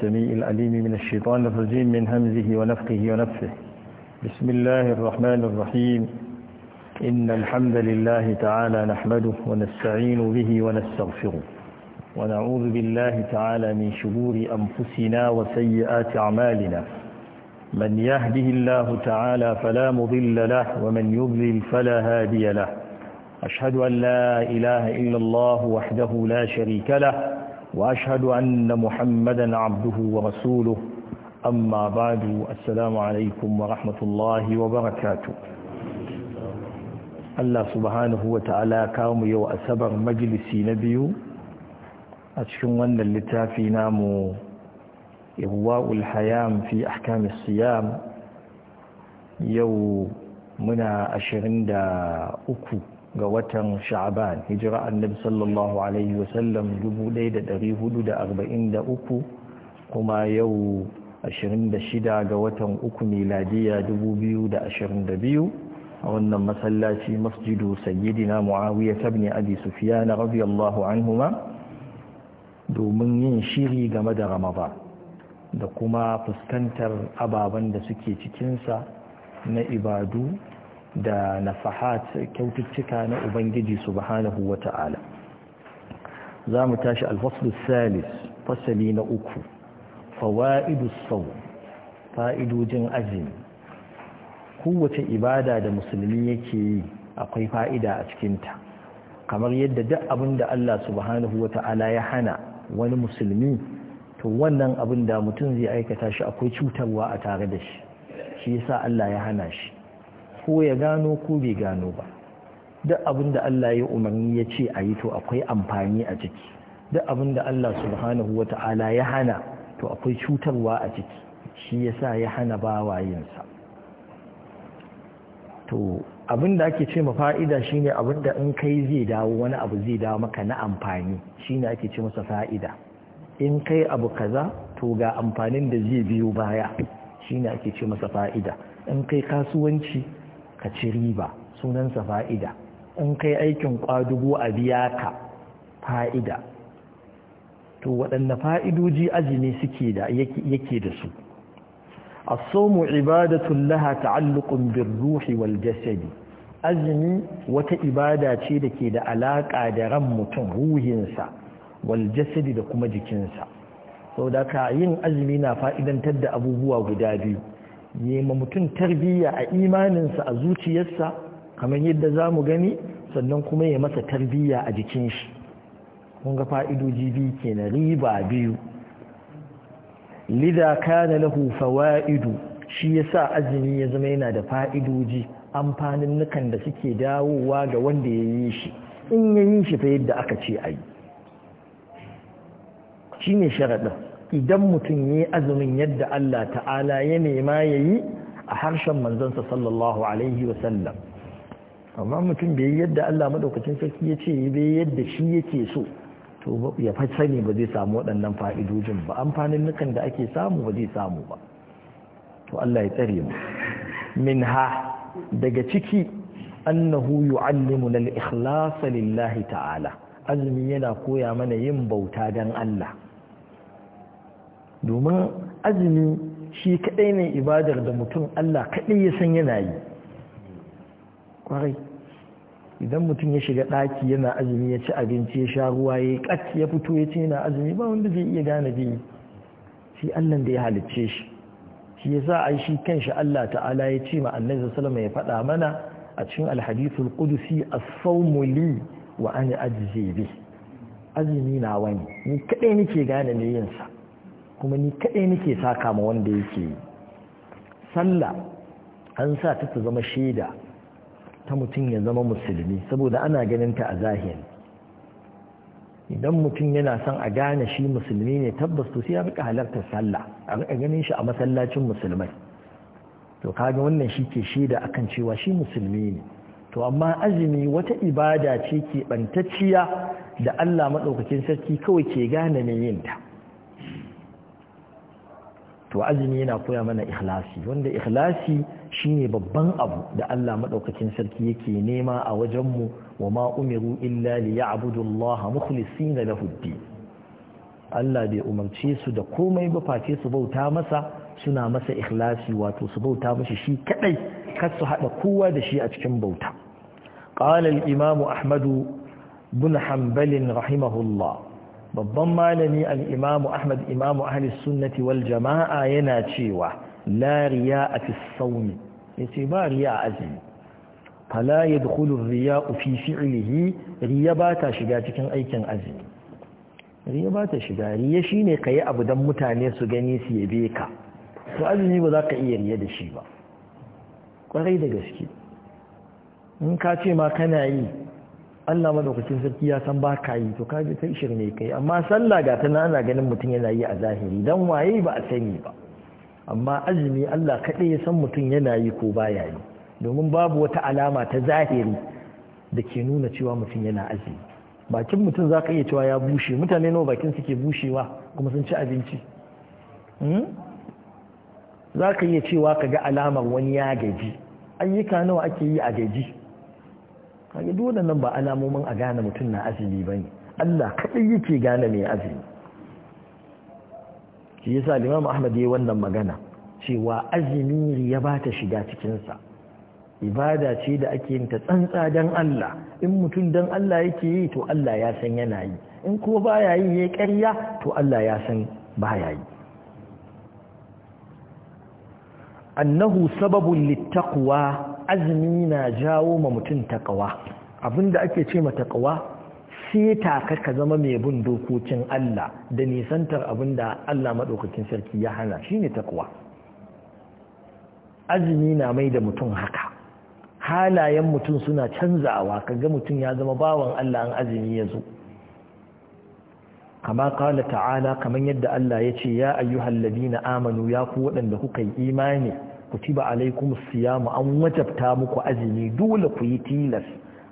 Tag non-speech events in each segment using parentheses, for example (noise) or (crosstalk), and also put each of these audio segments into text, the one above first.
السميع العليم من الشيطان الرجيم من همزه ونفقه ونفسه بسم الله الرحمن الرحيم إن الحمد لله تعالى نحمده ونستعين به ونستغفره ونعوذ بالله تعالى من شرور أنفسنا وسيئات أعمالنا من يهده الله تعالى فلا مضل له ومن يضلل فلا هادي له أشهد أن لا إله إلا الله وحده لا شريك له وأشهد أن محمدا عبده ورسوله amma بعد السلام عليكم ورحمة wa barakatu. Allah subhanahu wa ta’ala kawo yau asabar majlisi na biyu a cikin wannan littafi namu Ihwa’ul-Hayam fi ahkamis siyam yau muna ashirin da uku ga watan sha'aban hijira annabi sallallahu alaihi wasallam 1443 kuma yau 26 ga watan uku miladiya 2022 a wannan masallaci masjidu sayyidina muawiya tabni abi sufyan radiyallahu anhuma domin yin shiri game da ramadan da kuma fuskantar ababen da suke cikinsa na ibadu da nafahat kyaututtuka na ubangiji subhanahu wata'ala za mu tashi alfaslu salis fasali na uku fawa'idu sau fa'idojin azumi kowace ibada da musulmi yake yi akwai fa'ida a cikinta kamar yadda duk abin da Allah subhanahu wata'ala ya hana wani musulmi to wannan abin da mutum zai aikata shi akwai cutarwa a tare da shi shi yasa Allah ya hana shi ko ya gano ko bai gano ba duk abin da Allah ya umarni ya ce a yi to akwai amfani a ciki duk abin da Allah subhanahu wa ta'ala ya hana to akwai cutarwa a ciki shi yasa ya hana bawayensa to abin da ake ce ma fa'ida shine abin da in kai zai dawo wani abu zai dawo maka na amfani shine ake ce masa fa'ida in kai abu kaza to ga amfanin da zai biyo baya shine ake ce masa fa'ida in kai kasuwanci ka ci riba sunansa fa'ida in kai aikin ƙwadago a biya ka fa'ida to waɗanne fa'idoji azumi suke da yake da su A sawmu ibadatun laha ta'alluqun birruhi wal-jasadi azumi wata ibada ce da ke da alaƙa da ran mutum ruhinsa wal-jasadi da kuma jikinsa sau da ka yin azumi na fa'idantar da abubuwa guda biyu ma mutum tarbiyya a imaninsa a zuciyarsa kamar yadda za mu gani sannan kuma ya masa tarbiyya a jikin shi kun ga fa'idoji biyu ke na riba biyu lida kana lahu fawa'idu shi yasa azumi ya zama yana da fa'idoji amfanin nukan da suke dawowa ga wanda ya yi shi in ya yi shi fa yadda aka ce a yi shi ne sharaɗin idan mutum yi azumin yadda Allah ta'ala ya nema ya yi a harshen manzansa sallallahu alaihi wasallam amma mutum bai yadda Allah maɗaukacin sarki ya ce bai yadda shi yake so to ya fa sani ba zai samu waɗannan fa'idojin ba amfanin nukan da ake samu ba zai samu ba to Allah ya tsare mu min ha daga ciki annahu yu'allimu al-ikhlas lillahi ta'ala azumi yana koya mana yin bauta dan Allah domin azumi shi kaɗai ne ibadar da mutum Allah kaɗai ya san yana yi kwarai idan mutum ya shiga ɗaki yana azumi ya ci abinci ya sha ruwa ya ƙat ya fito ya ce yana azumi ba wanda zai iya gane biyu shi Allah da ya halicce shi shi ya sa a shi kanshi Allah ta'ala ya ce ma annabi ya faɗa mana a cikin alhadithul qudusi as li wa ana ajzi azumi na wani ni kadai nake gane me yin kuma ni kaɗai nake saka ma wanda yake yi sallah an sa ta ta zama shaida ta mutum ya zama musulmi saboda ana ganin ta a zahiri idan mutum yana son a gane shi musulmi ne tabbas to sai ya rika halartar sallah a rika ganin shi a masallacin musulmai to kaga wannan shi ke shaida akan cewa shi musulmi ne to amma azumi wata ibada ce ke bantacciya da Allah madaukakin sarki kawai ke gane ne yin ta to azumi yana koya mana ikhlasi wanda ikhlasi shine babban abu da Allah madaukakin sarki yake nema a wajen mu wa ma umiru illa liya'budu Allah mukhlisina lahu ad Allah bai umarce su da komai ba face su bauta masa suna masa ikhlasi wato su bauta mashi shi kadai kar su hada kowa da shi a cikin bauta qala al-imam ahmad bin hanbal rahimahullah babban malami al'imamu ahmad imamu ahli sunnati wal jama'a yana cewa la riya a fi sauni ya ce ba riya a azumi fala ya dukulun riya fi fi'ilihi riya ba ta shiga cikin aikin azumi riya ba ta shiga riya shi ne ka yi abu don mutane su gani su yabe ka Su azumi ba za ka iya riya da shi ba kwarai da gaske in ka ce ma kana yi Allah madaukakin sarki ya san ba ka yi to kaje kai shirme kai amma sallah ga tana ana ganin mutum yana yi a zahiri dan waye ba a sani ba amma azumi Allah kaɗai ya san mutum yana yi ko baya yi domin babu wata alama ta zahiri da ke nuna cewa mutum yana azumi bakin mutum za ka iya cewa ya bushe mutane nawa bakin suke bushewa kuma sun ci abinci hmm? za ka iya cewa ka ga alamar wani ya gaji ayyuka nawa ake yi a gaji kage dole nan ba alamomin a gane mutum na azumi bane Allah kaɗai yake gane mai azumi shi yasa Imam Ahmad yayin wannan magana cewa azumi ya ba ta shiga cikin sa ibada ce da ake yin ta tsantsa dan Allah in mutum dan Allah yake yi to Allah ya san yana yi in ko baya yi yayi ƙarya to Allah ya san baya yi annahu sababun littaqwa azumi na jawo ma mutum takawa abinda ake ce ma takawa sai taka ka zama mai bin dokokin Allah da nisantar abinda Allah maɗaukakin sarki ya hana shine takawa azumi na mai da mutum haka halayen mutum suna canzawa kaga mutum ya zama bawan Allah an azumi ya zo kama kala ta'ala kamar yadda Allah ya ce ya ayyuhallabi na amanu ya ku waɗanda kuka yi imani Ku kutiba alaikum siyamu an wajabta muku azumi dole ku yi tilas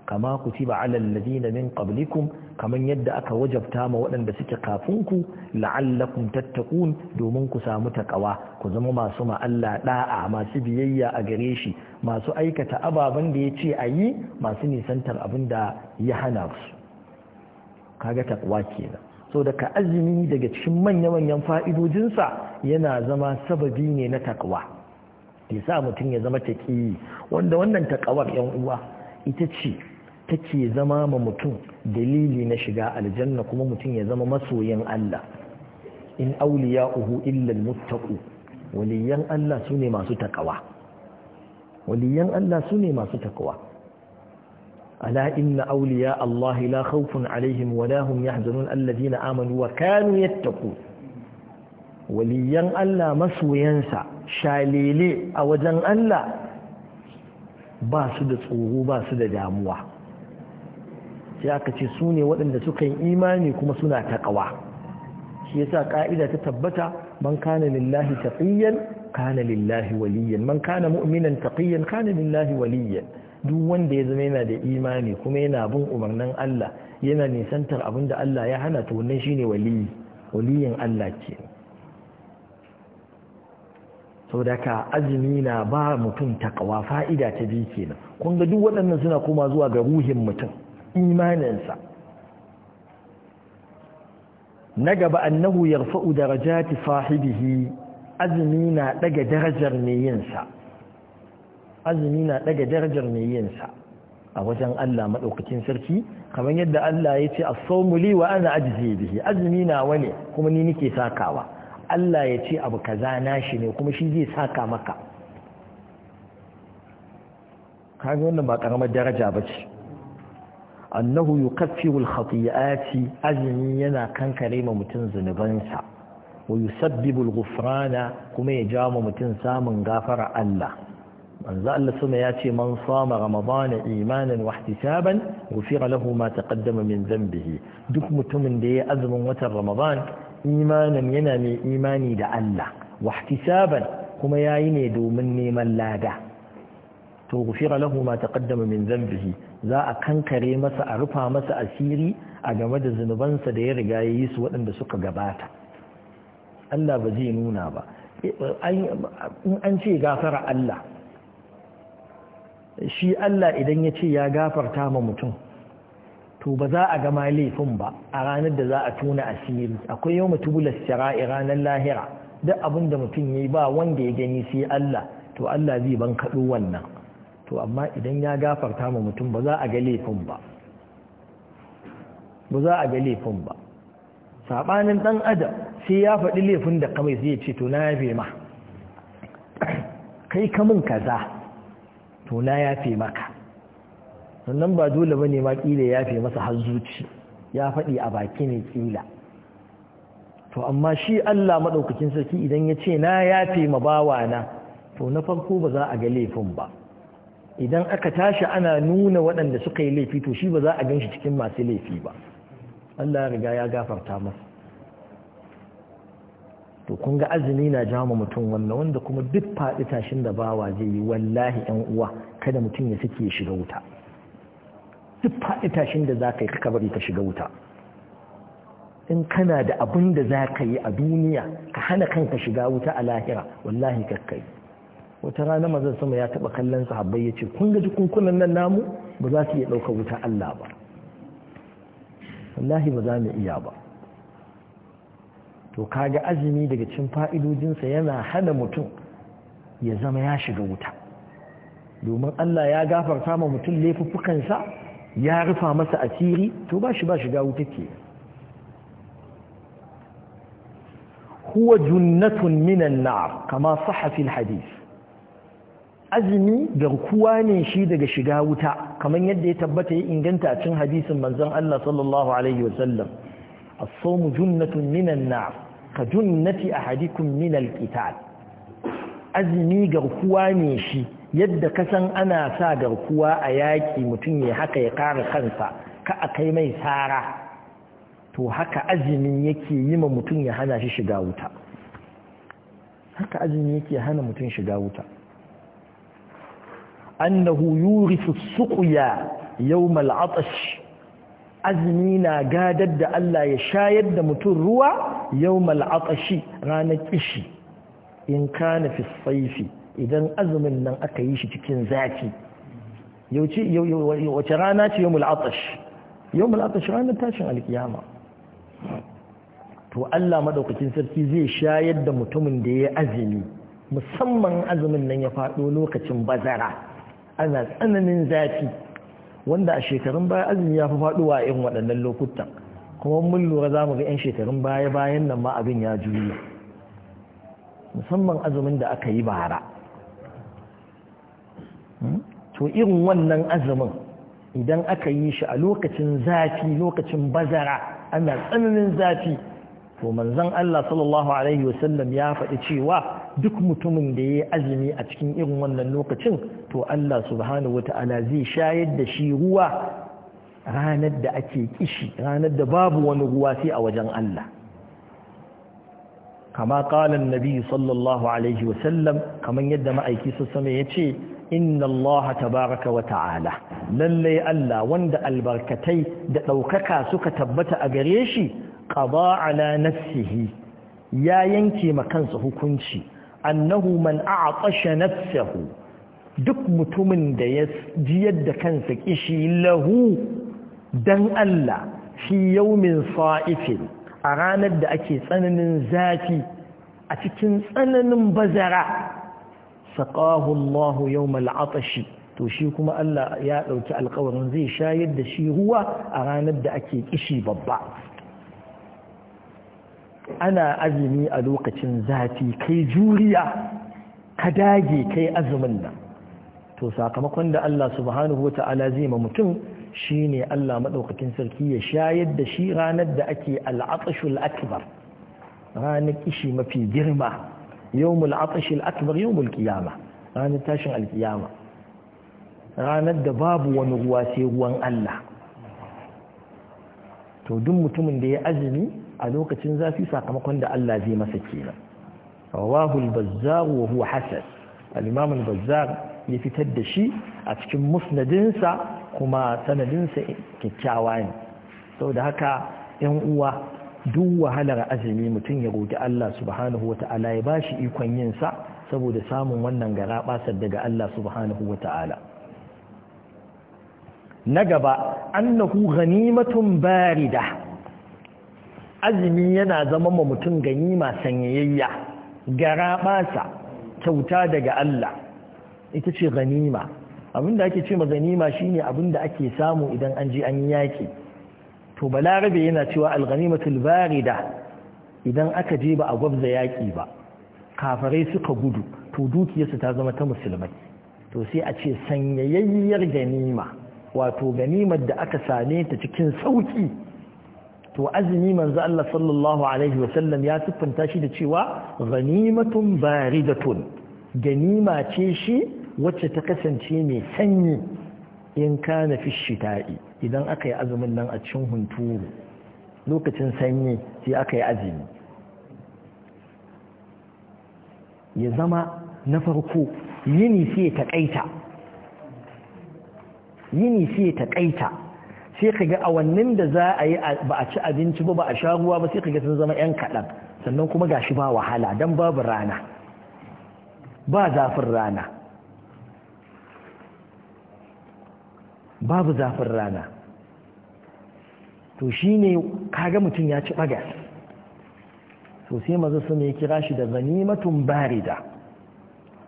kama kutiba alal ladina min qablikum kaman yadda aka wajabta ma waɗanda suke kafin ku la'allakum tattaqun domin ku samu takawa ku zama masu ma Allah da'a masu biyayya a gare shi masu aikata ababen da ya ce a masu nisantar abin da ya hana su kaga takwa kenan so daga azumi daga cikin manya-manyan fa'idojinsa yana zama sababi ne na takwa ya sa mutum ya zama taƙi wanda wannan taƙawar yan uwa ita ce take zama ma mutum dalili na shiga aljanna kuma mutum ya zama masoyin Allah in awliya'uhu illa almuttaqu waliyan Allah sune masu taƙawa, waliyan Allah sune masu taƙawa. ala inna awliya Allah la khawfun alaihim wa la hum yahzanun alladhina amanu wa kanu yattaqun waliyan Allah masoyansa shalele a wajen Allah ba su da tsoro ba su da damuwa sai aka ce su ne waɗanda suka yi imani kuma suna taƙawa shi yasa ƙa'ida ta tabbata man kana lillahi taqiyyan kana lillahi waliyan man kana mu'minan taqiyyan kana lillahi waliyan duk wanda ya zama yana da imani kuma yana bin umarnin Allah yana nisantar abin da Allah ya hana to wannan shine waliyi waliyin Allah kenan sau da ka azumi na ba mutum takawa fa'ida ta biyu kenan kun duk waɗannan suna koma zuwa ga ruhin mutum imaninsa na gaba annahu yarfa'u darajati sahibihi azumi na ɗaga darajar mai yinsa azumi na ɗaga darajar mai yinsa a wajen Allah maɗaukacin sarki kamar yadda Allah ya ce a sawmu wa ana ajzi bihi azumi na wani kuma ni nake sakawa Allah ya ce abu kaza nashi ne kuma shi zai saka maka kaga wannan ba karamar daraja ba ce annahu yukaffiru al-khati'ati azmi yana kankare ma mutun zunubansa wa yusabbibu al-ghufrana kuma ya jawo ma mutun samun gafara Allah manzo Allah sama ya ce man sama ramadana imanan wa ihtisaban ghufira lahu ma taqaddama min dhanbihi duk mutumin da ya azumin watan ramadan imanin yana mai imani da Allah wahtisaban kuma yayi ne domin neman lada to gufira lahu ma taqaddama min dhanbihi za a kankare masa a rufa masa asiri a game da zunubansa da ya riga yayi su waɗanda suka gabata Allah ba zai nuna ba in an ce gafara Allah shi Allah idan ya ce ya gafarta ma mutum to ba za a gama laifin ba a ranar da za a tuna asiri akwai yau mutubular ranar lahira duk abin da mutum ya ba wanda ya gani sai Allah to Allah zai ban kaɗo wannan to amma idan ya gafarta ma mutum ba za a ga laifin ba ba za a ga laifin ba saɓanin ɗan adam sai ya faɗi laifin da kamai zai ce to na yafe ma kai kamun kaza to na yafe maka sannan ba dole ba ne ma ƙila ya fi masa har ya faɗi a baki ne ƙila to amma shi Allah maɗaukakin sarki idan ya ce na ya fi ma bawana to na farko ba za a ga laifin ba idan aka tashi ana nuna waɗanda suka yi laifi to shi ba za a gan shi cikin masu laifi ba Allah ya riga ya gafarta masa to kun ga azumi na jama mutum wannan wanda kuma duk faɗi tashin da bawa zai yi wallahi 'yan uwa kada mutum ya sake shiga wuta duk faɗi tashin da za ka yi ka ta shiga wuta in kana da abin da za ka yi a duniya ka hana kanka shiga wuta a lahira wallahi kakkai wata rana mazan sama ya taɓa kallon sahabbai ya ce kun ga jikunkunan nan namu ba za su iya ɗauka wuta Allah ba wallahi ba za mu iya ba to kaga azumi daga cin fa'idojinsa yana hana mutum ya zama ya shiga wuta domin Allah ya gafarta ma mutum laifuffukansa ya rufa masa asiri to ba shi ba shiga wuta ke huwa junnatun minan na'ar kama sahafil hadith azumi garkuwa ne shi daga shiga wuta kamar yadda ya tabbata ya inganta a cin hadisin manzon Allah sallallahu alaihi wasallam as-sawmu junnatun minan na'ar ka junnati ahadikum minal qital azumi garkuwa ne shi yadda ka san ana sa garkuwa a yaƙi mutum ya haka ya ƙara kansa ka a kai mai tsara to haka azumin yake yi ma mutum ya hana shi shiga wuta haka azumin yake hana mutum shiga wuta annahu yurisu suqya yawmal atash azumi na gadar da Allah ya shayar da mutum ruwa yawmal atashi ranar kishi in kana fi saifi idan azumin nan aka yi shi cikin zafi wace rana ce yau mul'atash yau mul'atash ranar tashin alkiyama to Allah madaukakin sarki zai shayar da mutumin da ya azumi musamman azumin nan ya faɗo lokacin bazara ana tsananin zafi wanda a shekarun baya azumi ya fi faɗowa irin waɗannan lokutan kuma mun lura za mu ga 'yan shekarun baya bayan nan ma abin ya juya musamman azumin da aka yi bara to irin wannan azumin idan aka yi shi a lokacin zafi lokacin bazara ana tsananin zafi to manzon Allah sallallahu alaihi wasallam ya faɗi cewa duk mutumin da ya azumi a cikin irin wannan lokacin to Allah subhanahu wata'ala zai shayar da shi ruwa ranar da ake kishi ranar da babu wani ruwa sai a wajen Allah kama kalan nabi sallallahu alaihi wasallam kamar yadda ma'aiki su ya ce inna Allah tabaraka wa ta'ala lalle Allah wanda albarkatai da daukaka suka tabbata a gare shi qada ala nafsihi ya yanke ma kansa hukunci annahu man a'tasha nafsahu duk mutumin da ya jiyar da kansa kishi lahu dan Allah fi yawmin sa'ifin a ranar da ake tsananin zafi a cikin tsananin bazara saqahu Allahu yawmal atashi to shi kuma Allah ya ɗauki alƙawarin zai shayar da shi ruwa a ranar da ake kishi babba ana azumi a lokacin zafi kai juriya ka dage kai azumin nan to sakamakon da Allah subhanahu wa ta'ala zai ma mutum shine Allah maɗaukakin sarki ya shayar da shi ranar da ake al'atshul akbar ranar kishi mafi girma yawmul atashi al-akbar yawmul qiyama ranar tashin alkiyama ranar da babu wani ruwa sai ruwan Allah to duk mutumin da ya azumi a lokacin zafi sakamakon da Allah zai masa kenan rawahul bazzar wa huwa hasan al-imam al-bazzar ya fitar da shi a cikin musnadinsa kuma sanadinsa kyakkyawa ne saboda haka 'yan uwa duk wahalar azumi mutum ya roƙi Allah subhanahu wa ta'ala ya bashi ikon yin sa saboda samun wannan gara basar daga Allah subhanahu wa ta'ala. na gaba annahu ghanimatun barida azumi yana zama ma mutum ganima sanyayya gara basa kyauta daga Allah ita ce ganima abinda ake ce ma ganima shine abinda ake samu idan an je an yaki to balarabe yana cewa alghanimatul barida idan aka je ba a gwabza yaƙi ba kafarai suka gudu to dukiyarsu ta zama ta musulmai to sai a ce sanyayayyar ganima wato ganimar da aka same ta cikin sauki to azumi manzo Allah sallallahu alaihi wasallam ya siffanta shi da cewa ghanimatun baridatun ganima ce shi wacce ta kasance mai sanyi in kana fi shita'i idan aka yi azumin nan a cikin hunturu lokacin sanyi sai aka yi azumi ya zama na farko yini sai ya taƙaita yini sai ya taƙaita sai ka ga awannin da za a yi ba a ci abinci ba ba a sha ruwa ba sai ka ga sun zama 'yan kaɗan sannan kuma gashi ba wahala don babu rana ba zafin rana babu zafin rana to shine kaga mutum ya ci bagas to sai maza su ne kira shi da ganimatun barida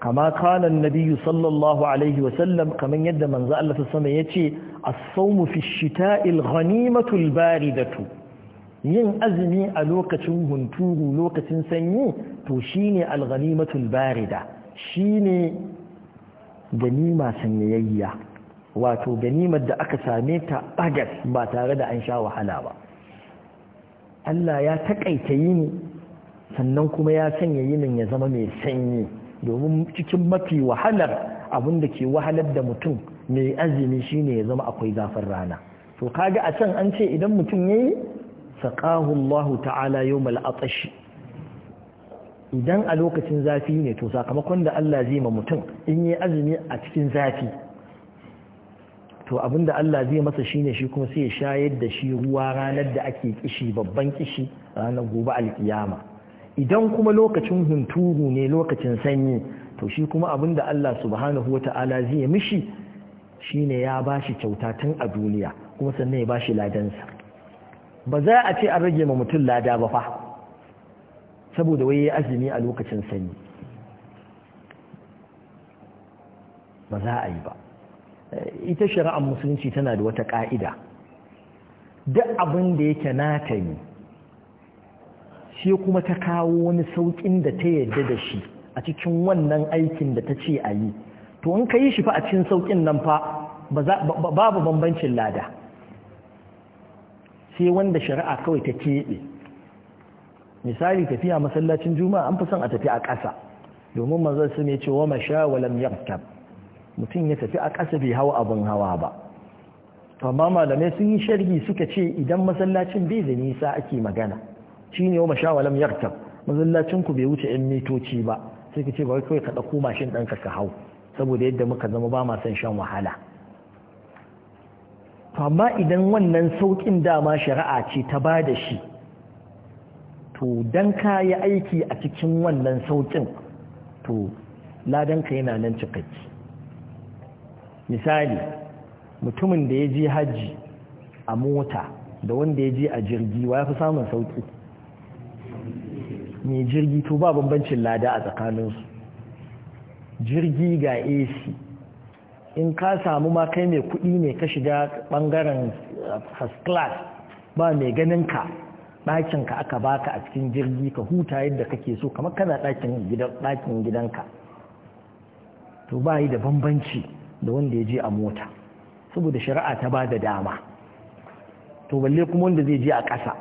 kama kanan nabiyu sallallahu alaihi wasallam kamar yadda manzo Allah ta sama ya ce as-sawmu fi shita'il ghanimatul baridatu yin azumi a lokacin hunturu lokacin sanyi to shine al-ghanimatul barida shine ganima sanyayya wato ganimar da aka same ta bagas ba tare da an sha wahala ba Allah ya takaita yini sannan kuma ya sanya yinin ya zama mai sanyi domin cikin mafi wahalar abin da ke wahalar da mutum mai azumi shine ya zama akwai zafin rana to kaga a can an ce idan mutum yayi saqahu Allahu ta'ala yawmal atashi idan a lokacin zafi ne to sakamakon da Allah zai ma mutum in yi azumi a cikin zafi to abin da Allah zai masa shine shi kuma sai ya shayar da shi ruwa ranar da ake kishi babban kishi ranar gobe alkiyama idan kuma lokacin hunturu ne lokacin sanyi to shi kuma da Allah subhanahu wata'ala zai mishi shine ya bashi kyauta tun a duniya kuma sannan ya bashi ladansa ba za a ce an rage ma mutum lada ba fa saboda wai ya azumi a lokacin sanyi ba za a yi ba ita shari'ar musulunci tana da wata ƙa'ida duk abin da yake nata yi sai kuma ta kawo wani sauƙin da ta yarda da shi a cikin wannan aikin da ta ce a yi to in ka yi shi fa a cikin sauƙin nan fa babu bambancin lada sai wanda shari'a kawai ta keɓe misali tafiya masallacin juma'a an fi son a tafi a ƙasa domin manzon su ne ce wa masha walam mutum ya tafi a ƙasa bai hawa abin hawa ba amma malamai sun yi sharhi suka ce idan masallacin bai da nisa ake magana shine wa mashawalam yartab masallacin ku bai wuce yan mitoci ba sai ka ce ba kawai ka ɗauko mashin ɗan ka hau saboda yadda muka zama ba ma son shan wahala to amma idan wannan sauƙin dama shari'a ce ta ba da shi to dan ka yi aiki a cikin wannan sauƙin to ladanka yana nan cikakki misali mutumin da ya je hajji a mota da wanda ya je a jirgi wa ya fi samun sauki mai jirgi to ba bambancin lada a tsakaninsu jirgi ga ac in ka samu ma kai mai kuɗi ne ka shiga ɓangaren uh, first class ba mai ganin ka ɗakinka aka baka a cikin jirgi ka huta yadda kake so kamar kana ɗakin gidanka to ba yi da bambanci da wanda ya je a mota saboda shari'a ta ba da dama to balle kuma wanda zai je a ƙasa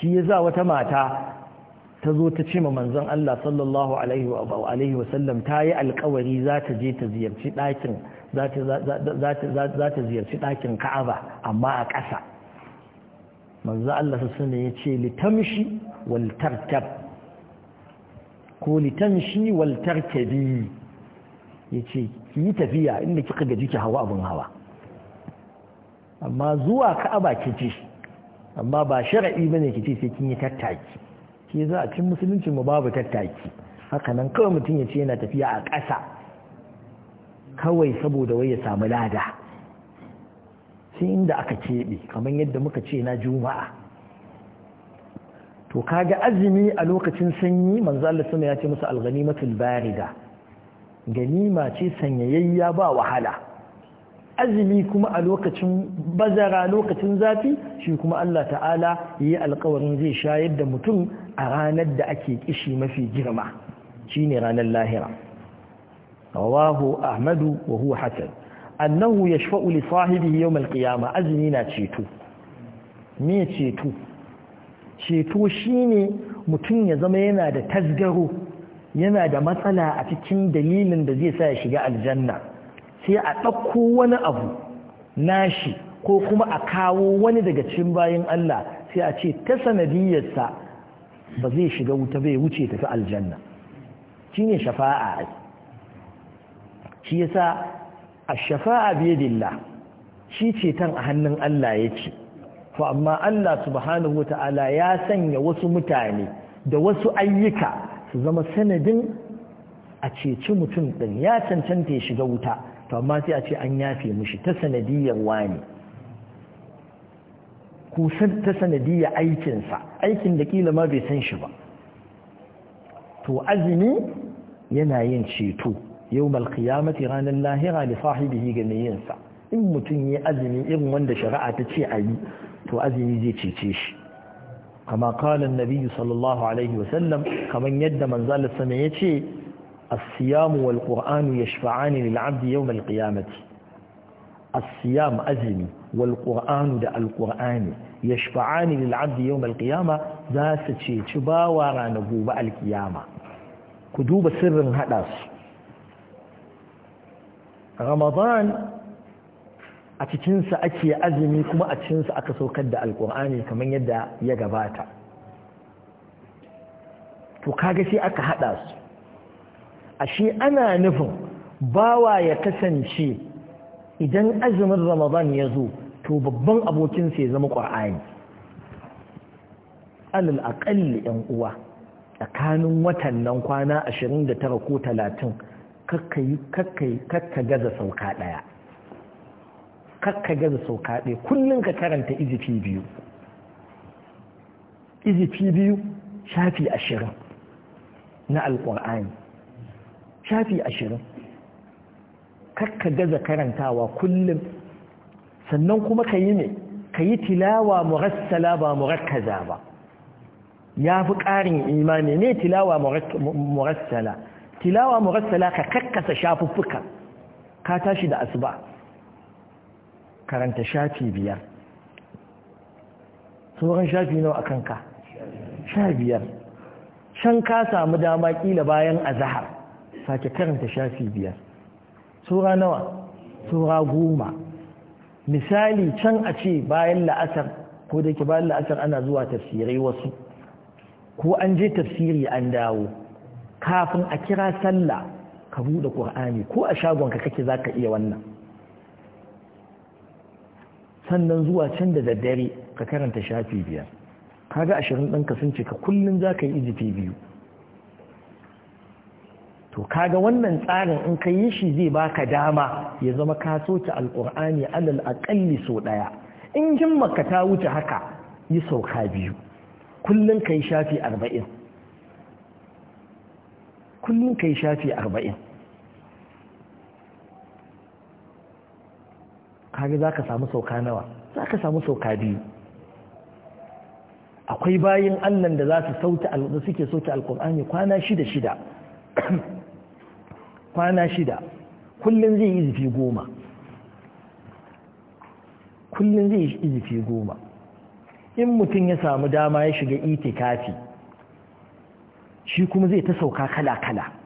shi ya za wata mata ta zo ta ce ma manzon Allah sallallahu alaihi wasallam ta yi alkawari za ta je ta ziyarci ɗakin za ta ziyarci ɗakin ka'aba amma a ƙasa manzon Allah sassu ya ce litamshi wal ko litamshi wal tarkabi yace ki yi tafiya inda kika gaji ki hawa abun hawa amma zuwa ka'aba ki amma ba shar'i bane ki ce sai kin yi tattaki ke za a cin musulunci mu babu tattaki haka nan kawai mutum ya ce yana tafiya a ƙasa kawai saboda wai ya samu lada sai inda aka keɓe kamar yadda muka ce na juma'a to kaga azumi a lokacin sanyi manzo Allah sama ya ce musu al barida ganima ce sanyayayya ba wahala azumi kuma a lokacin bazara lokacin zafi shi kuma Allah ta'ala yi alkawarin zai shayar da mutum a ranar da ake kishi mafi girma shine ranar lahira rawahu ahmadu wa huwa hasan annahu yashfa'u li sahibihi yawm al-qiyamah azumi na ceto me ceto ceto ne mutum ya zama yana da tasgaro yana da matsala a cikin dalilin da zai sa ya shiga aljanna sai a ɗauko wani abu nashi ko kuma a kawo wani daga cikin bayan Allah sai a ce ta sanadiyarsa ba zai shiga wuta bai wuce ta tafi aljanna shi ne shafa'a shi yasa a shafa'a biye dilla shi ceton a hannun Allah ya ce to amma Allah subhanahu wata'ala ya sanya wasu mutane da wasu ayyuka su zama sanadin a ceci mutum ɗin ya cancanta ya shiga wuta to amma sai a ce an yafe mushi ta sanadiyar wani ko ta sanadiyar aikinsa aikin da kila ma bai san shi ba to azumi yana yin ceto yau malkiyamati ranar lahira da sahibihi ga mai yinsa in mutum ya azumi irin wanda shari'a ta ce a yi to azumi zai cece shi kama kanin nabiyu sallallahu alaihi wasallam kamar yadda manzal sama ya ce asiyamu wal ƙur'anu ya shafa'ani lil'abdi yau mal ƙiyamati asiyam azumi wal ƙur'anu da alƙur'ani ya shafa'ani lil'abdi yau mal ƙiyama za su ceci ba wa ranar gobe alƙiyama ku duba sirrin haɗa su ramadan a cikinsa ake azumi kuma a cikinsa aka saukar da alkur'ani kamar yadda ya gabata to kaga sai aka haɗa su a shi ana nufin bawa ya kasance idan azumin ramadan ya zo to babban abokinsa ya zama ƙwar'ani alal aƙalli ‘yan uwa tsakanin watan nan kwana 29 ko 30 kakka gaza sauka ɗaya kakka gaza sauka ɗaya kullum ka karanta izifi biyu izifi biyu shafi ashirin na alƙur'ani shafi ashirin kakka gaza karantawa kullum sannan kuma ka yi ne ka yi tilawa murassala ba murakkaza ba ya fi ƙarin imani ne tilawa murassala tilawa murassala ka kakkasa shafuffuka ka tashi da asuba karanta shafi biyar sauran shafi nawa a kanka sha biyar can ka samu dama kila bayan azahar sake karanta shafi biyar sura nawa sura goma misali can a ce bayan la'asar ko da ke bayan la'asar ana zuwa tafsirai wasu ko an je tafsiri an dawo kafin a kira sallah ka buɗe ƙur'ani ko a shagonka kake za ka iya wannan sannan zuwa can da daddare ka karanta shafi biyar kaga ashirin ɗan sun ce ka kullum za ka yi izifi biyu to kaga wannan tsarin in ka yi shi zai baka dama ya zama ka soke alƙur'ani alal aƙalli sau ɗaya in ka ta wuce haka yi sauka biyu kullum ka kullum ka yi shafi arba'in kaga za ka samu sauka nawa za ka samu sauka biyu akwai bayin annan da za su sauta da suke sauta alkur'ani kwana shida shida (coughs) kwana shida kullum zai yi zufi goma kullum zai yi zufi goma in mutum ya samu dama ya shiga itikafi shi kuma zai ta sauka kala-kala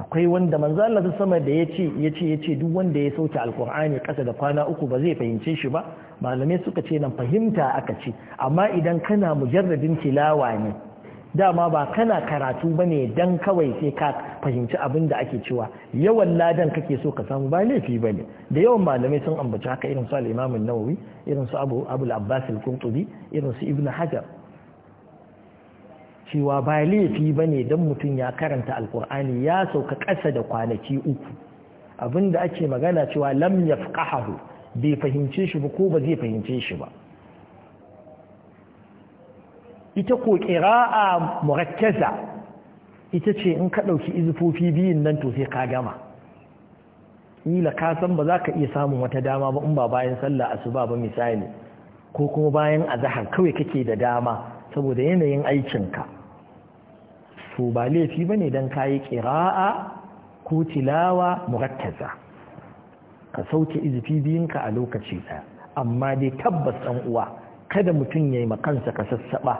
akwai wanda manzo Allah sama da yace yace yace duk wanda ya sauke alqur'ani kasa da kwana uku ba zai fahimce shi ba malamai suka ce nan fahimta aka ce amma idan kana mujarradin tilawa ne dama ba kana karatu bane dan kawai sai ka fahimci abin da ake cewa yawan ladan kake so ka samu ba laifi bane da yawan malamai sun ambaci haka irin su al-Imam an-Nawawi irin su Abu Abbas al-Qurtubi irin su Ibn Hajar cewa ba laifi ba ne don mutum ya karanta alkur'ani ya sauka ƙasa da kwanaki uku Abin da ake magana cewa lam ya bai fahimce shi ba ko ba zai fahimce shi ba ita ko ƙira'a murakkaza ita ce in ka ɗauki izufofi biyun nan to sai ka gama ila ka san ba za ka iya samun wata dama ba in ba bayan sallah asuba ba misali ko kuma bayan azahar kawai kake da dama saboda yanayin aikinka to ba laifi ba ne don kayi ƙira'a ko tilawa murattaza ka sauke izifi biyunka a lokaci ɗaya amma dai tabbas ɗan uwa kada mutum ya yi makansa ka sassaɓa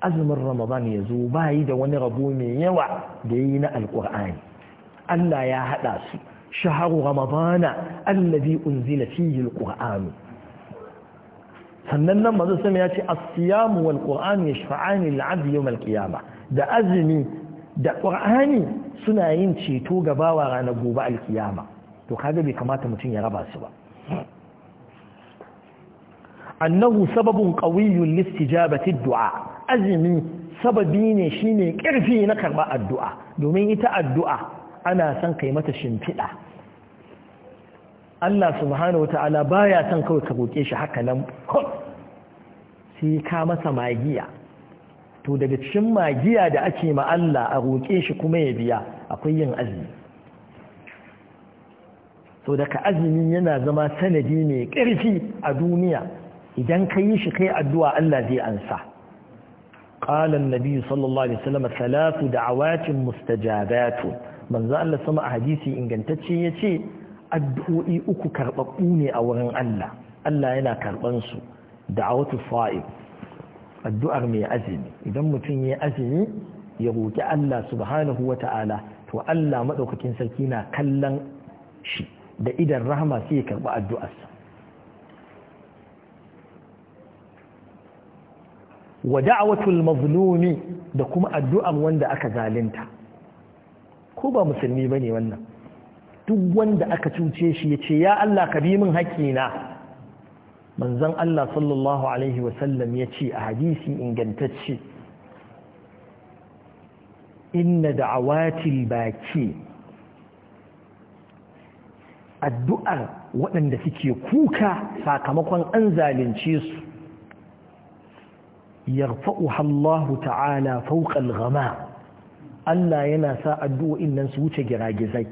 azumin ramadan ya zo ba yi da wani rabo mai yawa da ya yi na alƙur'ani allah ya haɗa su shaharu ramadana allazi unzila fihi alqur'anu sannan nan manzo sama ya ce as-siyamu wal qur'an yashfa'ani lil 'abdi yawm al-qiyamah da azumi da ƙur'ani suna yin ceto ga bawa ranar gobe alkiyama to kaga bai kamata mutum ya raba su ba annahu sababun qawiyyun listijabati du'a azumi sababi ne shine kirfi na karba addu'a domin ita addu'a ana san kai mata shimfiɗa Allah subhanahu wata'ala baya son kawai ka roƙe shi haka nan sai ka masa magiya to daga cikin magiya da ake ma Allah a roƙe shi kuma ya biya akwai yin azumi to daga azumi yana zama sanadi mai ƙarfi a duniya idan ka yi shi kai addu'a Allah zai ansa قال النبي sallallahu da wasallam salatu da'awatin mustajabatu manzo Allah sama hadisi ingantacce yace addu'o'i uku karɓaɓɓu ne a wurin Allah, Allah yana su da'awatu fa'ib, addu'ar mai azumi idan mutum ya azumi ya roƙi Allah subhanahu wa ta'ala to Allah maɗaukakin sarki na kallon shi da idan rahama sai ya karɓi addu'arsa wa da'awatul mazlumi da kuma addu'ar wanda aka zalunta ko ba musulmi bane wannan duk wanda aka cuce shi ya ce ya Allah ka bi min haƙƙina manzon Allah sallallahu alaihi wasallam ya ce a hadisi ingantacce inna da'awatil baki addu'ar waɗanda suke kuka sakamakon an zalunce su yarfa'uha Allah ta'ala fawqal ghama Allah yana sa addu'o'in nan su wuce giragizai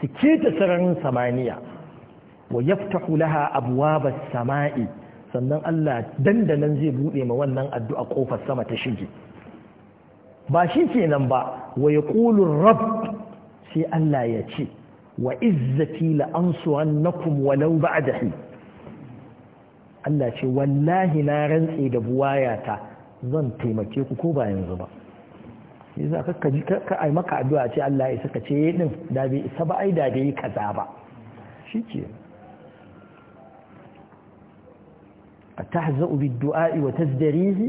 su keta sararin samaniya wa yaftahu laha abwabas sama'i sannan Allah dandanan zai bude ma wannan addu'a kofar sama ta shige ba shi kenan ba wa yaqulu rabb sai Allah ya ce wa izzati la ansurannakum walau ba'dahi Allah ce wallahi na rantse da buwayata zan taimake ku ko ba yanzu ba yasa ka ji ka ai maka addu'a ce Allah ya saka ce eh din da bai isa ba ai da bai kaza ba shikenan أتحزأ بالدعاء وتزدريه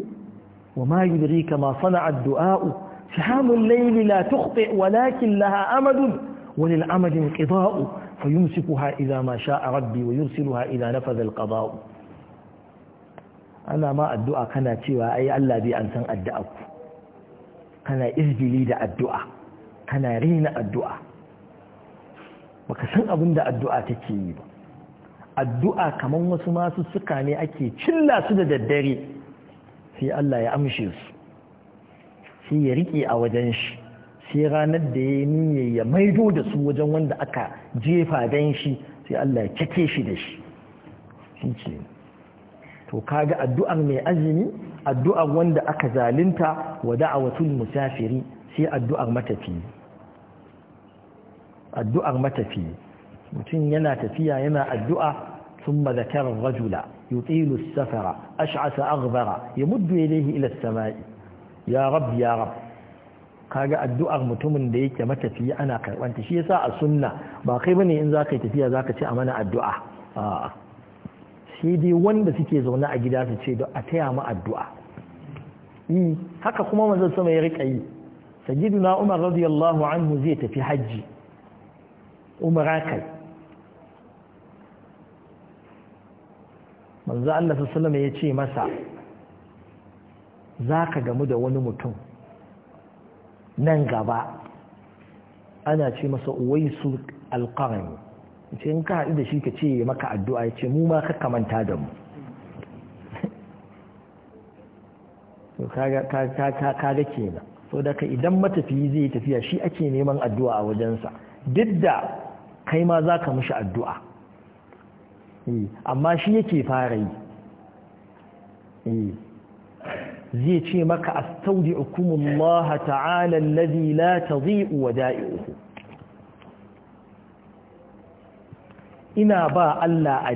وما يدريك ما صنع الدعاء سهام الليل لا تخطئ ولكن لها أمد وللأمد انقضاء فيمسكها إذا ما شاء ربي ويرسلها إذا نفذ القضاء أنا ما الدعاء كان تيوى أي ألا بي أنسان أدعك كان لي دع الدعاء كان رين الدعاء وكسن أبن دع الدعاء تكيب addu'a kamar wasu masu suka ne ake cilla su da daddare sai Allah ya amshe su sai ya riƙe a wajen shi sai ranar da ya niyya ya maido da su wajen wanda aka jefa don shi sai Allah ya cake shi da shi shi ce to kaga addu'ar mai azumi addu'ar wanda aka zalunta wa da'awatul musafiri sai addu'ar matafi addu'ar matafi mutum yana tafiya yana addu'a thumma dhakara rajula yutilu as-safara ash'asa aghbara yamuddu ilayhi ila samai ya rab ya rab kaga addu'ar mutumin da yake matafiya ana karban shi yasa a sunna ba kai bane in zaka yi tafiya zaka ce a mana addu'a a'a sai dai wanda suke zaune a gida su ce a taya mu addu'a yi e, haka kuma manzo sama ya rika yi na umar radiyallahu anhu zai tafi hajji umar kai manzo Allah sallallahu ya ce masa za ka gamu da wani mutum nan gaba ana ce masa uwaisu alƙarami ce in ka haɗu da shi ka ce maka addu'a ya ce mu ma ka kamanta da mu (laughs) kaga kenan so daga idan matafiyi zai tafiya shi ake neman addu'a a wajensa duk da kai ma za ka mishi addu'a Eh, amma shi yake fara yi eh, zai ce maka astaudi'ukumullah ta'ala allazi la tadhi'u wada'i'uhu ina ba Allah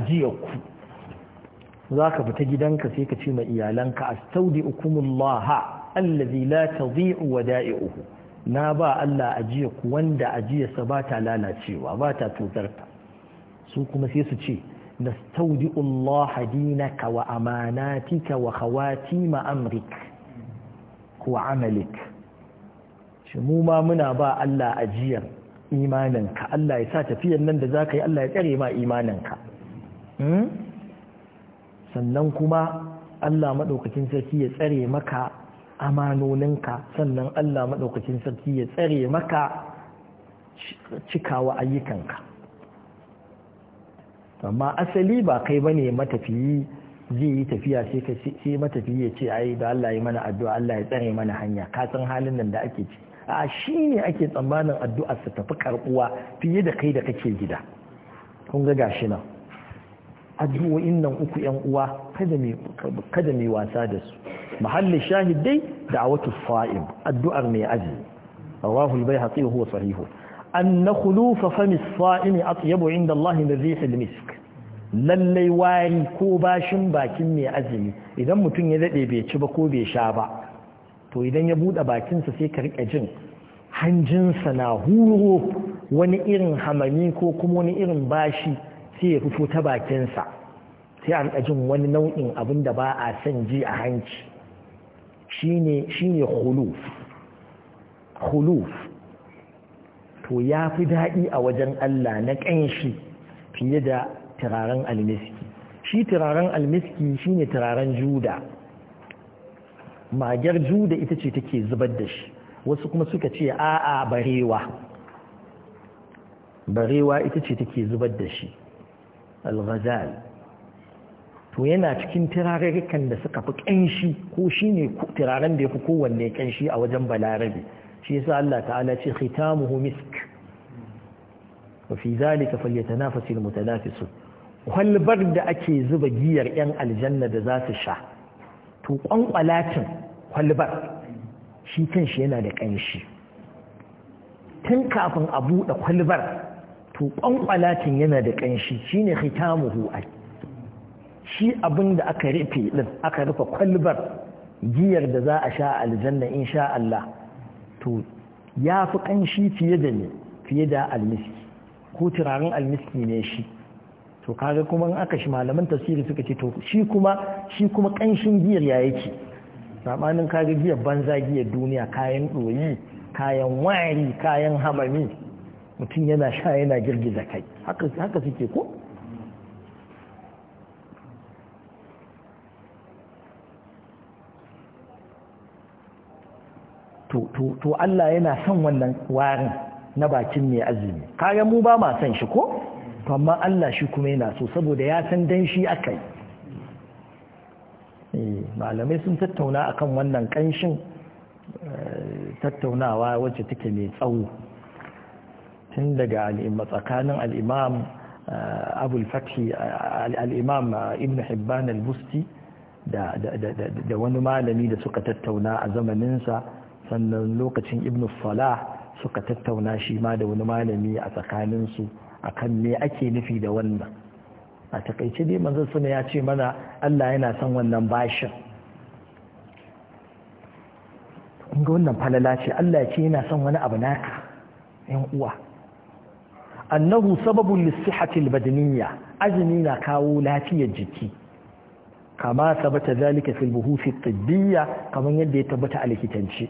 za ka fita gidanka sai ka ce ma iyalanka astaudi'ukumullah allazi la tadhi'u wada'i'uhu na ba Allah ajiyarku wanda ajiyarsa ba ta lalacewa ba ta tozarta su kuma sai su ce نستودع الله دينك وأماناتك وخواتيم أمرك وعملك شمو ما منا با ألا أجير إيمانك ألا يسات في النند ذاك ألا يتري ما إيمانك سننكما ألا مدوك تنسكي يتري مكا أمانونك سنن ألا مدوك تنسكي يتري مكا cikawa ayyukanka amma asali ba kai bane matafiyi zai yi tafiya sai ka sai matafiyi ya ce ai da Allah ya mana addu'a Allah ya tsare mana hanya ka san halin nan da ake ci a ne ake tsammanin addu'ar sa tafi karbuwa fiye da kai da kake gida kun ga gashi nan addu'o'in nan uku yan uwa kada mai kada mai wasa da su mahallin shahid dai da'awatu fa'im addu'ar mai aji rawahu al-bayhaqi huwa sahihu أن خلوف فم الصائم inda عند الله من ريح المسك lallai wari ko bashin bakin mai azumi idan mutum ya daɗe bai ci ba ko bai sha ba to idan ya buɗe bakinsa sai ka jin hanjinsa na huro wani irin hamami ko kuma wani irin bashi sai ya fito ta bakinsa sai an riƙa jin wani nau'in abin da ba a san ji a hanci shine shine khuluf khuluf to ya fi daɗi a wajen Allah na ƙanshi fiye da turaren almiski shi turaren almiski shi ne turaren juda magyar juda ita ce take zubar da shi wasu kuma suka ce a'a barewa barewa ita ce take zubar da shi al-ghazal to yana cikin turarurrukan da suka fi ƙanshi ko shi ne turaren da ya fi kowanne ƙanshi a wajen balarabe shi yasa Allah ta'ala ce khitamuhu misk wa fi zalika falyatanafasul mutanafisun kwalbar da ake zuba giyar yan aljanna da za su sha to kwankwalatin kwalbar shi shi yana da kanshi tun kafin a buɗe kwalbar to kwankwalatin yana da kanshi shine khitamuhu ai shi abin da aka rufe din aka rufe kwalbar giyar da za a sha a aljanna insha Allah to ya fi ƙanshi fiye da ne fiye da almiski ko turaren almiski ne shi to kaga kuma in aka shi malaman tasiri suka ce to shi kuma shi kuma ƙanshin giyar ya yake sabanin kaga giyar banza giyar duniya kayan ɗoyi kayan wari kayan hamami mutum yana sha yana girgiza kai haka suke ko to Allah yana son wannan warin na bakin mai azumi kaga mu ba ma son shi ko amma Allah shi kuma yana so saboda ya san dan shi akai eh, malamai sun tattauna akan wannan kanshin eh, tattaunawa wacce take mai tsawo tun daga tsakanin al'imam eh, abul fathi al'imam ibn hibban al-busti da wani malami da suka tattauna a zamaninsa sannan lokacin ibn salah suka tattauna shi ma da wani malami a tsakaninsu kan me ake nufi da wannan a takaice dai manzan suna ya ce mana Allah yana son wannan bashin ga wannan falala ce Allah ce yana son wani abu naka yan uwa annahu sababun lissihatil badaniya azumi na kawo lafiyar jiki kama sabata zalika fil buhufi tibbiyya kamar yadda ya tabbata a likitance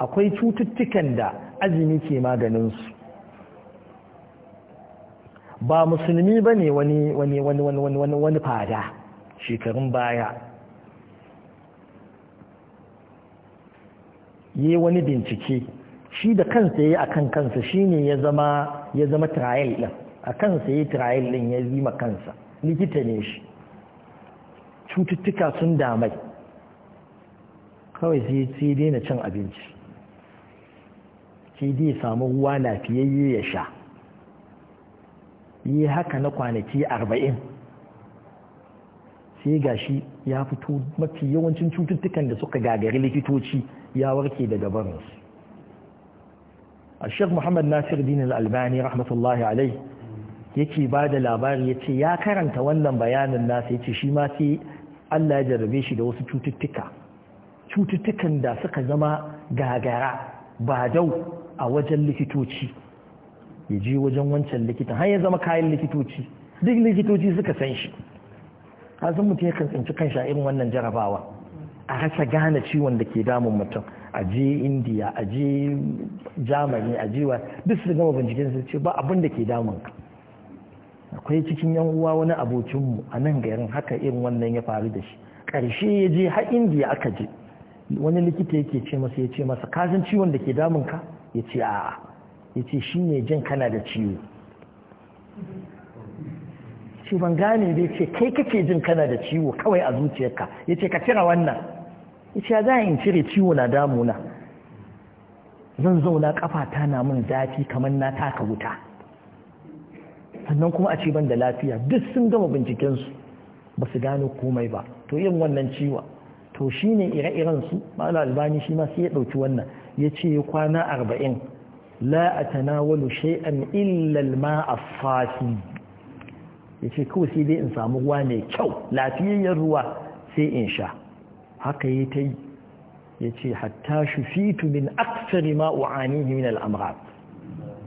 akwai cututtukan da azumi ke maganinsu ba musulmi ba ne wani wani wani wani wani wani fada shekarun baya yi wani bincike shi da kansa ya kan kansa ne ya zama ya zama trial din a kansa ya trial din ya yi ma kansa likita ne shi cututtuka sun damai kawai sai sai daina cin abinci sai dai samu ruwa lafiyayye ya sha yi haka na kwanaki arba'in sai ga shi ya fito mafi yawancin cututtukan da suka gagari likitoci ya warke daga barinsu a shek muhammad nasir din albani rahmatullahi alai yake ba da labari ya ce ya karanta wannan bayanin nasa ya ce shi ma sai allah ya jarrabe shi da wasu cututtuka cututtukan da suka zama gagara ba dau a wajen likitoci ya je wajen wancan likitan har ya zama kayan likitoci duk likitoci suka san shi sun mutum ya tsinci kan sha irin wannan jarabawa a rasa gane ciwon da ke damun mutum a je indiya a je germany a jewa duk su gama binciken su ce ba abin da ke damun ka akwai cikin yan uwa wani abokinmu a nan garin haka irin wannan ya faru da shi Karshe ya je har indiya aka je wani likita yake ce masa ya ce masa kasan ciwon da ke damun ka ya ce a ya ce shi ne jin kana da ciwo ce ban gane da ya ce kai kake jin kana da ciwo kawai a zuciyarka ya ce ka cira wannan ya ce za a yin cire ciwo na damuna zan zauna kafa ta na min zafi kamar na taka wuta sannan kuma a ce ban da lafiya duk sun gama bincikensu ba su gano komai ba to yin wannan ciwon to shi ne ire-irensu ma'ana albani shi ma sai ya ɗauki wannan ya ce kwana arba'in la a wani sha'an illal ma a ya ce kawai sai dai in samu ruwa mai kyau lafiyayyar ruwa sai in sha haka yi ta yi ya ce hatta shufitu min aksari ma wa'ani min al'amrat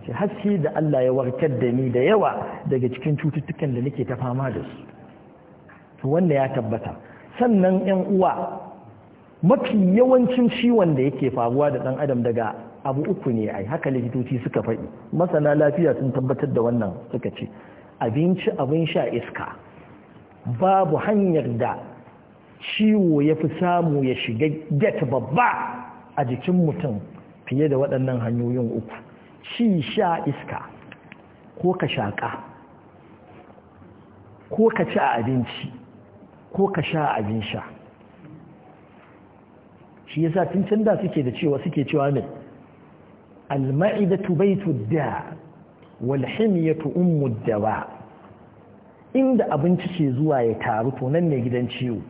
ce haske da Allah ya warkar da ni da yawa daga cikin cututtukan da nake ta fama da su wanda ya tabbata sannan yan uwa mafi yawancin ciwon da yake faruwa da ɗan adam daga abu uku ne ai haka likitoci suka faɗi masana lafiya sun tabbatar da wannan suka ce abinci abin sha iska babu hanyar da ciwo ya fi samu ya shiga get babba a jikin mutum fiye da waɗannan hanyoyin uku ci sha iska ko ka shaƙa ko ka ci a abinci ko ka sha abin sha shi yasa tun can da suke da cewa suke cewa ne al-ma'idatu baytu da wal himyatu ummu dawa inda abinci ke zuwa ya taru to nan ne gidan ciwo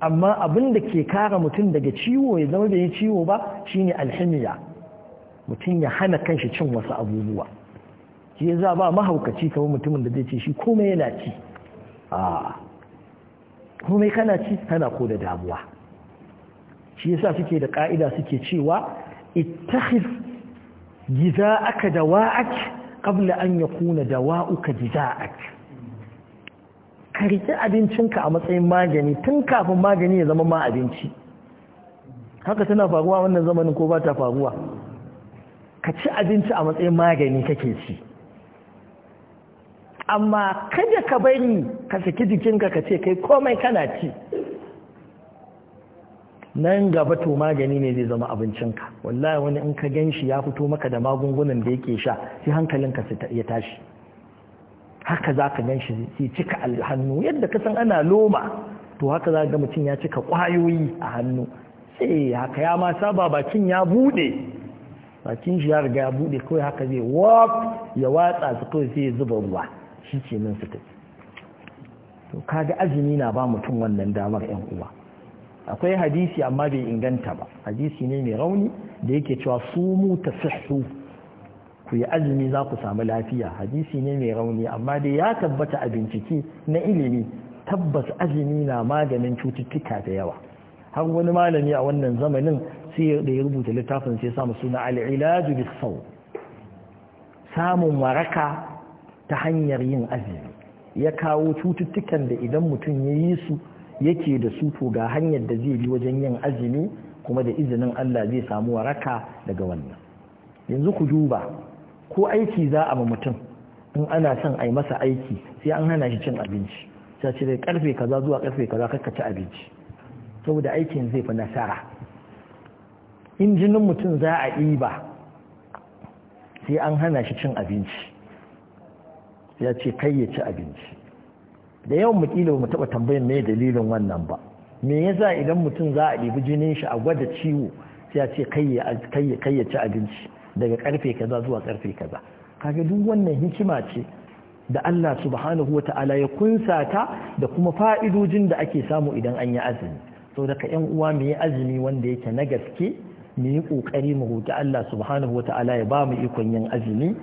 amma abin da ke kara mutum daga ciwo ya zama bai ciwo ba shine alhimiya mutum ya hana kanshi cin wasu abubuwa shi ya ba mahaukaci kamar mutumin da zai ce shi komai yana ci a komai kana ci kana ko da damuwa shi yasa suke da ka'ida suke cewa ittakhiz jiza'aka dawa'ak qabla an yakuna dawa'uka jiza'ak ka rike ka a matsayin magani tun kafin magani ya zama ma abinci haka tana faruwa wannan zamanin ko ba ta faruwa ka ci abinci a matsayin magani kake ci amma kada ka bari ka saki jikinka ka ce kai komai kana ci nan gaba to magani ne zai zama abincinka wallahi wani in ka ganshi ya fito maka da magungunan da yake sha sai hankalinka ya tashi haka za ka gan shi sai cika hannu yadda ka san ana loma to haka za ka ga mutum ya cika kwayoyi a hannu sai haka ya ma saba bakin ya bude bakin shi ya riga ya bude kawai haka zai wop ya watsa su kawai sai ya zuba ruwa shi ke nan su tafi to kaga azumi na ba mutum wannan damar yan uwa akwai hadisi amma bai inganta ba hadisi ne mai rauni da yake cewa su mu ta ku yi azumi za ku samu lafiya hadisi ne mai rauni amma dai ya tabbata a bincike na ilimi tabbas azumi na maganin cututtuka da yawa har wani malami a wannan zamanin sai da ya rubuta littafin sai samu suna al'ilaju bis sau samun waraka ta hanyar yin azumi ya kawo cututtukan da idan mutum ya yi su yake da su to ga hanyar da zai bi wajen yin azumi kuma da izinin Allah zai samu waraka daga wannan yanzu ku duba ko aiki za a ma mutum in ana son a yi masa aiki sai an hana shi cin abinci sai da karfe kaza zuwa karfe kaza kakka ci abinci saboda aikin zai fi nasara in jinin mutum za a ɗiba sai an hana shi cin abinci ya ce kai ya ci abinci da yawan mu kila mu taba tambayin me dalilin wannan ba me yasa idan mutum za a ɗibi jinin shi a gwada ciwo sai a ce kai ya ci abinci daga karfe kaza zuwa karfe kaza kaga duk wannan hikima ce da Allah subhanahu wa ta'ala ya kunsa ta da kuma fa'idojin da ake samu idan an yi azumi sau daga ‘yan uwa mu yi azumi wanda yake na gaske mu yi ƙoƙari mu huta Allah subhanahu wa ta'ala ya ba mu ikon yin azumi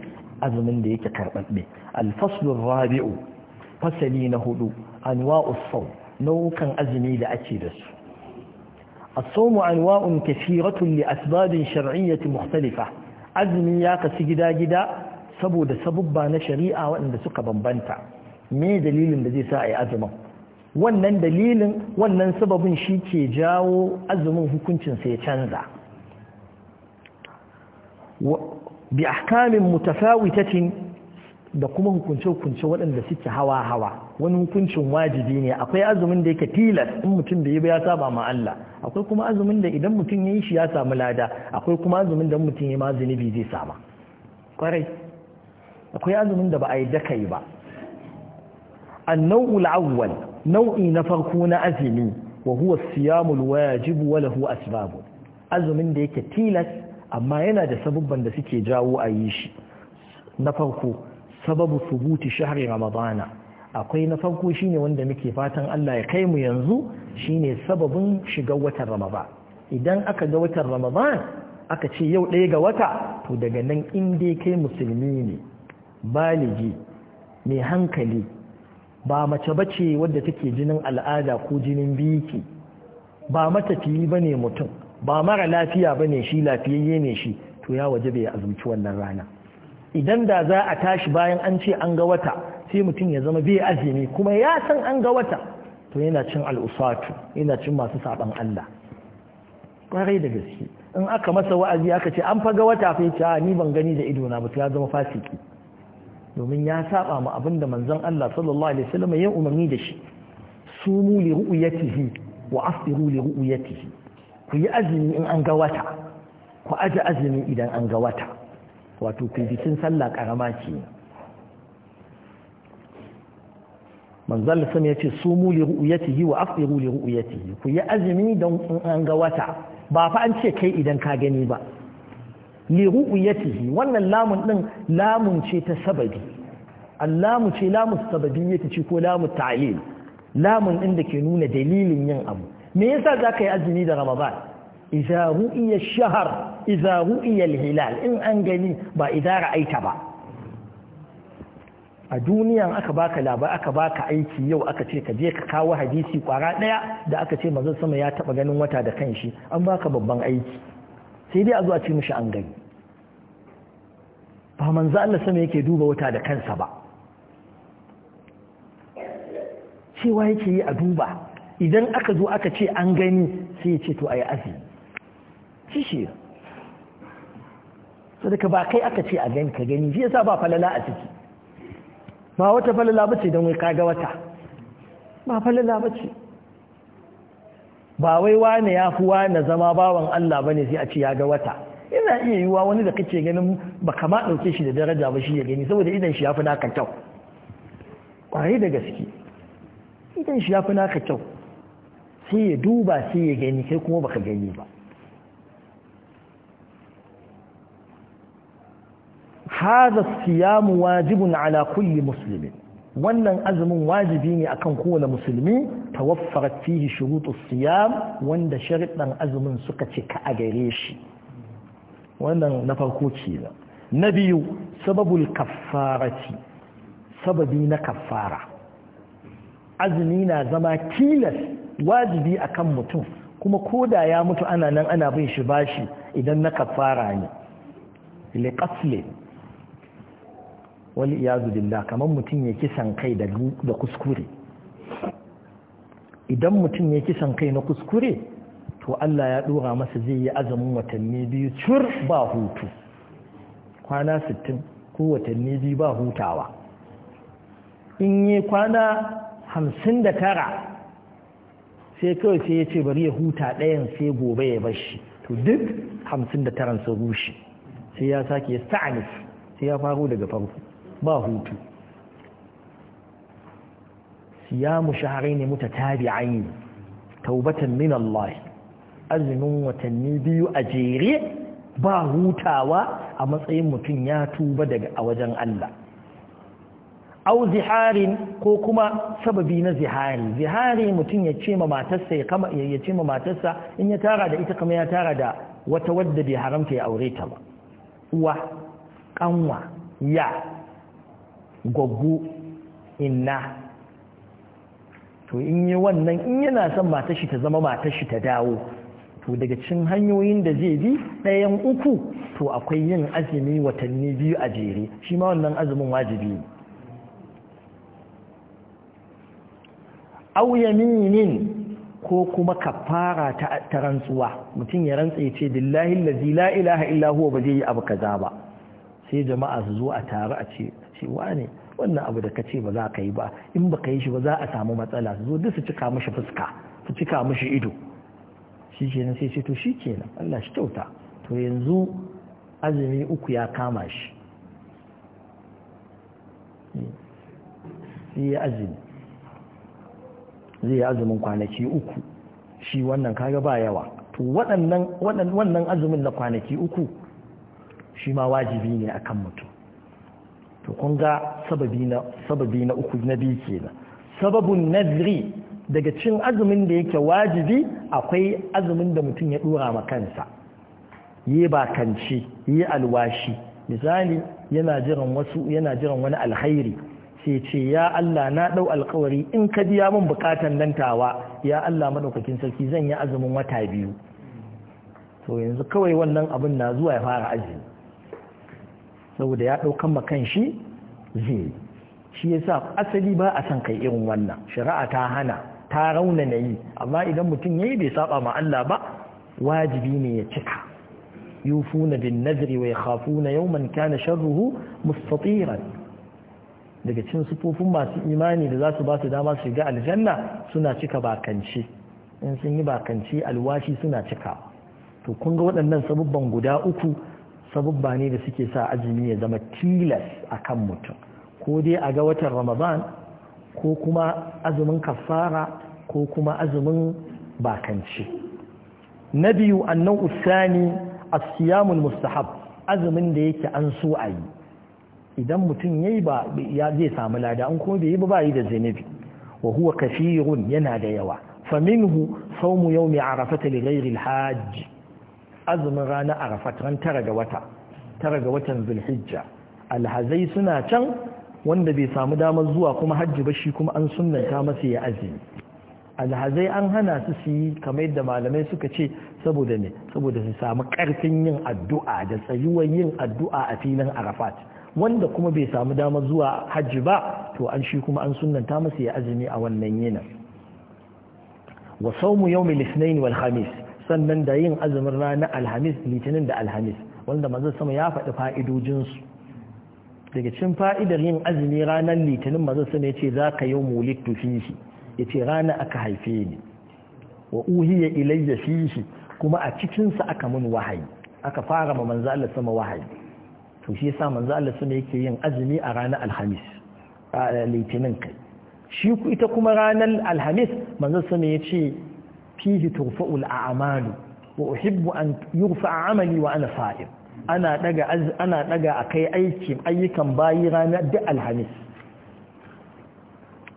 azumin da yake karɓaɓɓe alfaslun rabi'u fasali na hudu anwa'us sawm nau'ukan azumi da ake da su as-sawm anwa'un kathiratun li لأسباب شرعية mukhtalifa azumi ya kasu gida-gida saboda sabubba na shari'a waɗanda suka bambanta me dalilin da zai sa ai azumin wannan dalilin wannan sababin shi ke jawo azumin hukuncin sa ya canza bi ahkamin mutafawitatin da kuma hukunce-hukunce waɗanda suke hawa-hawa wani hukuncin wajibi ne akwai azumin da yake tilas in mutum da yi ba ya saba ma Allah akwai kuma azumin da idan mutum ya yi shi ya samu lada akwai kuma azumin da mutum ya ma zunubi zai sama kwarai akwai azumin da ba a yi daka yi ba annau'ul awwal nau'i na farko na azumi wa huwa siyamul wajib wa lahu asbabu azumin da yake tilas amma yana da sabubban da suke jawo a yi shi na farko sababu subuti shahri ramadana akwai na farko shine wanda muke fatan Allah ya kai mu yanzu shine sababin shiga watan ramadan idan aka ga watan ramadan aka ce yau ɗaya ga wata to daga nan in dai kai musulmi ne baligi mai hankali ba mace bace wadda take jinin al'ada ko jinin biki ba matafiyi bane mutum ba mara lafiya bane shi lafiyayye ne shi to ya waje bai azumci wannan rana idan da za a tashi bayan an ce an ga wata sai mutum ya zama biyu azumi kuma ya san an ga wata to yana cin al'usatu yana cin masu saɓan Allah kwarai da gaske in aka masa wa'azi aka ce an faga wata fa yace ni ban gani da ido na ba to ya zama fasiki domin ya saba mu da manzon Allah sallallahu alaihi wasallam ya umarni da shi sumu li ru'yatihi wa asiru li ru'yatihi ku yi azumi in an ga wata ku aje azumi idan an ga wata wato ku bikin sallah karama ce manzal sam ya ce su mu li ru'yatihi wa afiru li ru'yatihi ku yi azumi don an ga wata ba fa an ce kai idan ka gani ba li ru'yatihi wannan lamun din lamun ce ta sababi allamu ce lamu ta ce ko lamu ta'lil lamun din da ke nuna dalilin yin abu me yasa zaka yi azumi da ramadan ru'iya shahar الشهر ru'iya رؤي in an gani ba إذا ra'aita ba. a duniya aka baka labar aka baka aiki yau aka ce ka je ka kawo hadisi kwara daya da aka ce manzon sama ya taba ganin wata da kanshi an baka babban aiki sai dai a zuwa ce mishi an gani ba manzo Allah sama yake duba wata da kansa ba cewa yake yi a duba idan aka zo aka ce an gani sai ya ce to ayi azumi shi shi daga ba kai aka ce a gani ka gani shi yasa ba falala a ciki ba wata falala bace don wai kaga wata ba falala bace ba wai wane ya fi wane zama bawan Allah bane sai a ce ya ga wata ina iya yiwuwa wani da kace ganin ba kama dauke shi da daraja ba shi ya gani saboda idan shi ya fi naka kyau kwarai da gaske idan shi ya fi naka kyau sai ya duba sai ya gani kai kuma baka gani ba hadha siyamu wajibun ala kulli muslimin wannan azumin wajibi ne akan kowane musulmi tawaffarat fihi shurutus siyam wanda sharuɗan azumin suka cika a gare shi wannan na farko ce na biyu sababul kaffarati sababi na kaffara azumi na zama tilas wajibi akan mutum kuma koda ya mutu ana nan ana bin shi bashi idan na kaffara ne liqaslin wal iyazu billah kamar mutum ya kisan kai da kuskure idan mutum ya kisan kai na kuskure to Allah ya dora masa zai yi azumin watanni biyu cur ba hutu kwana 60 ko watanni biyu ba hutawa in yi kwana 59 sai kawai sai ya ce bari ya huta ɗayan sai gobe ya bar shi to duk 59 sun rushe sai ya sake ya sta'anif sai ya faru daga farko ba hutu siyamu tabi mutatabi'ain taubatan min Allah azumin watanni biyu a jere ba hutawa a matsayin mutum ya tuba daga a wajen Allah au ziharin ko kuma sababi na zihari zihari mutum ya ce ma matarsa ya kama ya ce matarsa in ya tara da ita kama ya tara da wata wadda bai haramta ya aure ta ba uwa kanwa ya gwaggo inna to in yi wannan in yana son shi ta zama shi ta dawo to daga cin hanyoyin da zai bi ɗayan uku to akwai yin azumi watanni biyu a jere shi ma wannan azumin wajibi auyaminin ko kuma kafara ta rantsuwa mutum ya rantsa ya ce dillahi lazi la ilaha illa ba zai yi abu kaza ba sai jama'a su zo a tare a ce ce ne wannan abu da ka ce ba za ka yi ba in ba ka yi shi ba za a samu matsala su zo duk su cika mishi fuska su cika mishi ido shi ke nan sai ce to shi nan Allah shi kyauta to yanzu azumi uku ya kama shi zai azumi zai azumin kwanaki uku shi wannan kaga ba yawa to waɗannan wannan azumin na kwanaki uku shi ma wajibi ne a kan mutum to kun ga sababi na uku na biyu kenan sababun nazri daga cin azumin da yake wajibi akwai azumin da mutum ya ɗora ma kansa yi bakanci yi alwashi misali yana jiran wasu yana jiran wani alhairi sai ce ya Allah na ɗau alkawari in ka biya min bukatan nan tawa ya Allah madaukakin sarki zan yi azumin wata biyu to yanzu kawai wannan abin na zuwa ya fara azumi saboda ya ɗaukan makan shi zai shi yasa asali ba a son kai irin wannan shari'a ta hana ta rauna na yi amma idan mutum ya yi bai saba ma Allah ba wajibi ne ya cika yufu yufuna bin nazri wa yakhafuna yawman kana sharruhu mustatiran daga cin sufofin masu imani da za su ba su dama su shiga aljanna suna cika bakanci in sun yi bakanci alwashi suna cika to kun ga waɗannan sabubban guda uku sabubba ne da suke sa azumi ya zama tilas a kan mutum ko dai a ga watan ramadan ko kuma azumin kafara ko kuma azumin bakanci na biyu annan usani a siyamun mustahab azumin da yake an so a yi idan mutum ya yi ba zai samu lada an ko bai yi ba ba yi da zanibi wa huwa kafirun yana da yawa faminhu saumu yau mai arafata li ghairi hajji azumin rana arafat ran tara ga wata tara ga watan zulhijja alhazai suna can wanda bai samu damar zuwa kuma hajji ba shi kuma an sunanta masu ya azumi alhazai an hana su su yi kamar yadda malamai suka ce saboda ne saboda su samu karfin yin addu'a da tsayuwar yin addu'a a filin arafat wanda kuma bai samu damar zuwa hajji ba to an shi kuma an sunanta masu ya azumi a wannan yinin wa saumu yawmil ithnain wal khamis sannan da yin azumin ranar alhamis litinin da alhamis wanda manzon sama ya faɗi fa'idojinsu daga cikin fa'idar yin azumi ranar litinin manzon sama ya ce za ka yi mulittu shi ya ce rana aka haife ni wa uhiya ilayya shi kuma a cikinsa aka mun wahayi aka fara ma manzo Allah sama wahayi yasa yake yin azumi a ranar alhamis litinin kai shi ita kuma ranar alhamis manzo sama ya ce fihi turfa'ul a'malu wa uhibbu an yurfa amali wa ana fa'il ana daga ana daga akai ayyukan bayi ranar da alhamis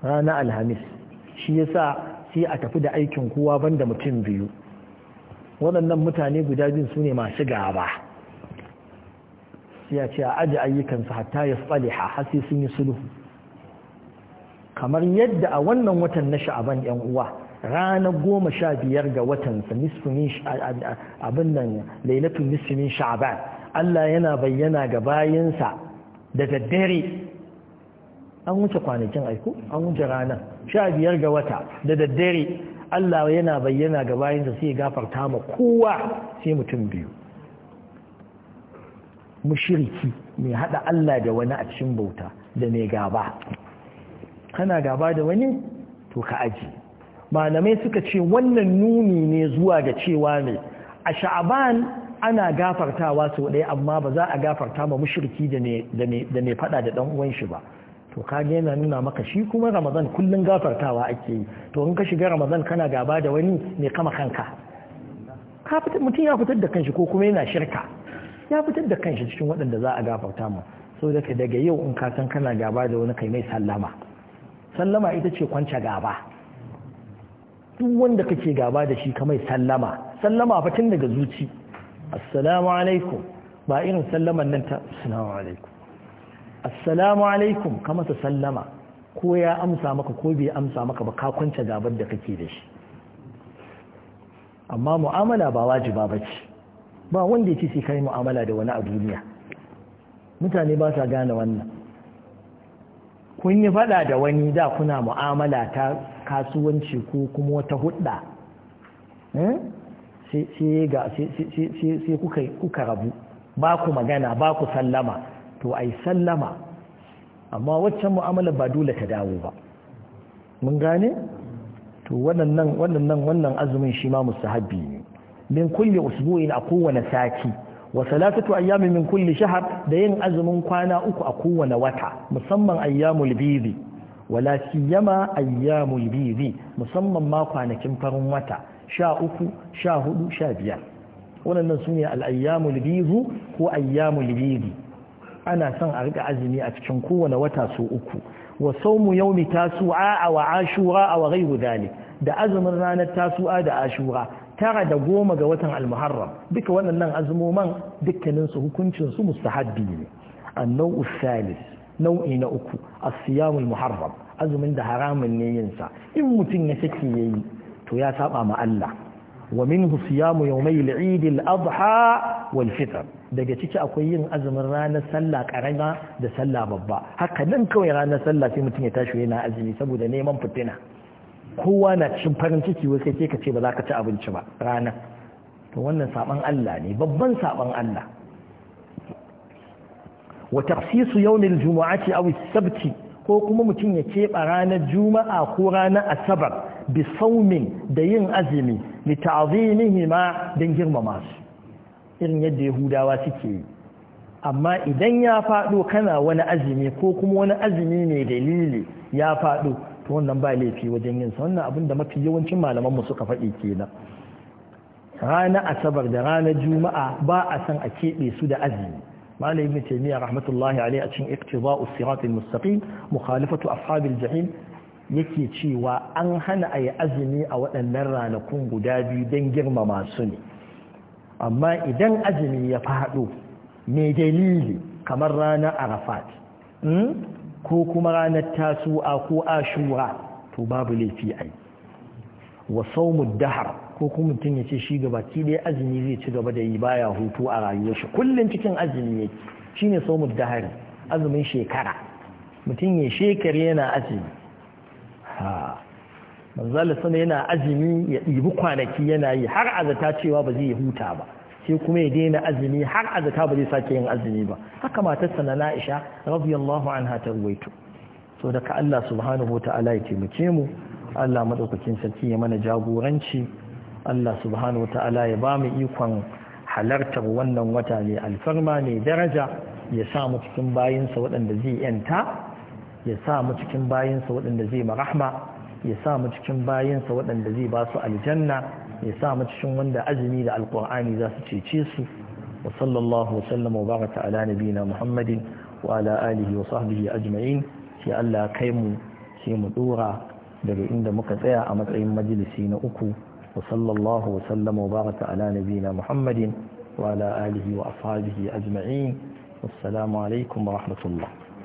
rana alhamis shi yasa sai a tafi da aikin kowa banda mutum biyu waɗannan mutane guda biyu su ne masu gaba Yace a ce ayyukansu hatta ya tsaliha har sai sun yi sulhu kamar yadda a wannan watan na sha'aban yan uwa ranar goma sha biyar ga watan abin nan lailatun nisfin sha'ban Allah yana bayyana ga bayansa da daddare an wuce kwanakin aiko an wuce ranar sha biyar ga wata da daddare Allah yana bayyana ga bayansa sai gafarta ma kowa sai mutum biyu mushiriki mai hada Allah da wani a cikin bauta da mai gaba kana gaba da wani to ka aji malamai suka ce wannan nuni ne zuwa ga cewa ne a sha'aban ana gafartawa sau ɗaya amma ba za a gafarta ma mushriki da mai fada da ɗan uwan shi ba to kage yana nuna maka shi kuma ramadan kullum gafartawa ake yi to in ka shiga ramadan kana gaba da wani mai kama kanka mutum ya fitar da kanshi ko kuma yana shirka ya fitar da kanshi cikin waɗanda za a gafarta ma so daga yau in ka san kana gaba da wani kai mai sallama sallama ita ce kwance gaba duk wanda kake gaba da shi ka mai sallama sallama fa daga zuci assalamu alaikum ba irin sallaman nan ta assalamu alaikum assalamu alaikum ka masa sallama ko ya amsa maka ko bai amsa maka ba ka kwance gabar da kake da shi amma mu'amala ba wajiba ba ce ba wanda ya ce sai kai mu'amala da wani a duniya mutane ba sa gane wannan kun yi faɗa da wani da kuna mu'amala ta kasuwanci ko kuma wata hudda eh, sai kuka rabu ba ku magana ba ku sallama to ai sallama amma waccan mu'amala ba dole ta dawo ba mun gane to wannan azumin shi ma musu habi ne min kulle usbu'in a kowane sati wa salatatu ayyami min kulli shahar da yin azumin kwana uku a kowane wata musamman ayyamul bidi wala siyama ayyamul bibi musamman ma kwanakin farin wata sha uku sha hudu sha biyar waɗannan su ne ko ayyamul bidi ana son a riƙa azumi a cikin kowane wata su uku wa saumu yaumi tasu'a wa ashura wa ghayru dhalik da azumin ranar tasu'a da ashura tara da goma ga watan al-muharram duka waɗannan azumoman dukkanin su hukuncin su mustahabbi ne an-nau'u nau'i na uku asiyamul muharram azumin da haramun ne yinsa in mutum ya sake yayi to ya saba ma Allah wa minhu siyamu yawmayil eid al adha wal fitr daga ciki akwai yin azumin ranar sallah karama da sallah babba haka nan kawai ranar sallah sai mutum ya tashi yana azumi saboda neman fitina kowa na cikin farin ciki wai sai ka ce ba za ka ci abinci ba rana to wannan saban Allah ne babban saban Allah wa taqsisu yawmil jumu'ati aw as-sabti ko kuma mutum ya keɓe ranar juma'a ko ranar asabar bi saumin da yin azumi li ta'zimihi ma dan girmama su irin yadda yahudawa suke yi amma idan ya faɗo kana wani azumi ko kuma wani azumi mai dalili ya faɗo to wannan ba laifi wajen yin sa wannan abin da mafi yawancin malaman mu suka faɗi kenan ranar asabar da ranar juma'a ba a san a keɓe su da azumi malai ibn rahmatullahi alai a cikin iqtida'u siratil mustaqim mukhalifatu ashabil jahim yake cewa an hana a yi azumi a waɗannan ranakun guda biyu don girmama su ne amma idan azumi ya faɗo mai dalili kamar ranar arafat hmm? ko kuma ranar tasu'a ko ashura to babu laifi ai yi wa dahar ko kuma mutum ya ce shi gabaki dai azumi zai ci gaba da yi baya hutu a rayuwar shi kullum cikin azumi ne shine saumud dahari azumin shekara mutum ya shekare yana azumi ha manzala sama yana azumi ya ɗibi kwanaki yana yi har azata cewa ba zai yi huta ba sai kuma ya daina azumi har azata ba zai sake yin azumi ba haka matarsa na Aisha radiyallahu anha ta ruwaito so daga Allah subhanahu wa ta'ala ya taimake mu Allah madaukakin sarki ya mana jagoranci Allah subhanahu ta'ala ya ba mu ikon halartar wannan wata ne alfarma ne daraja ya sa mu cikin bayinsa waɗanda zai yanta ya sa mu cikin bayinsa waɗanda zai marahma ya sa mu cikin bayinsa waɗanda zai ba su aljanna ya sa mu cikin wanda azumi da alƙur'ani za su cece su wa sallallahu wa sallama wa baraka ala nabiyina muhammadin wa ala alihi wa sahbihi ajma'in sai Allah kai mu sai mu dora daga inda muka tsaya a matsayin majalisi na uku وصلى الله وسلم وبارك على نبينا محمد وعلى آله وأصحابه أجمعين والسلام عليكم ورحمة الله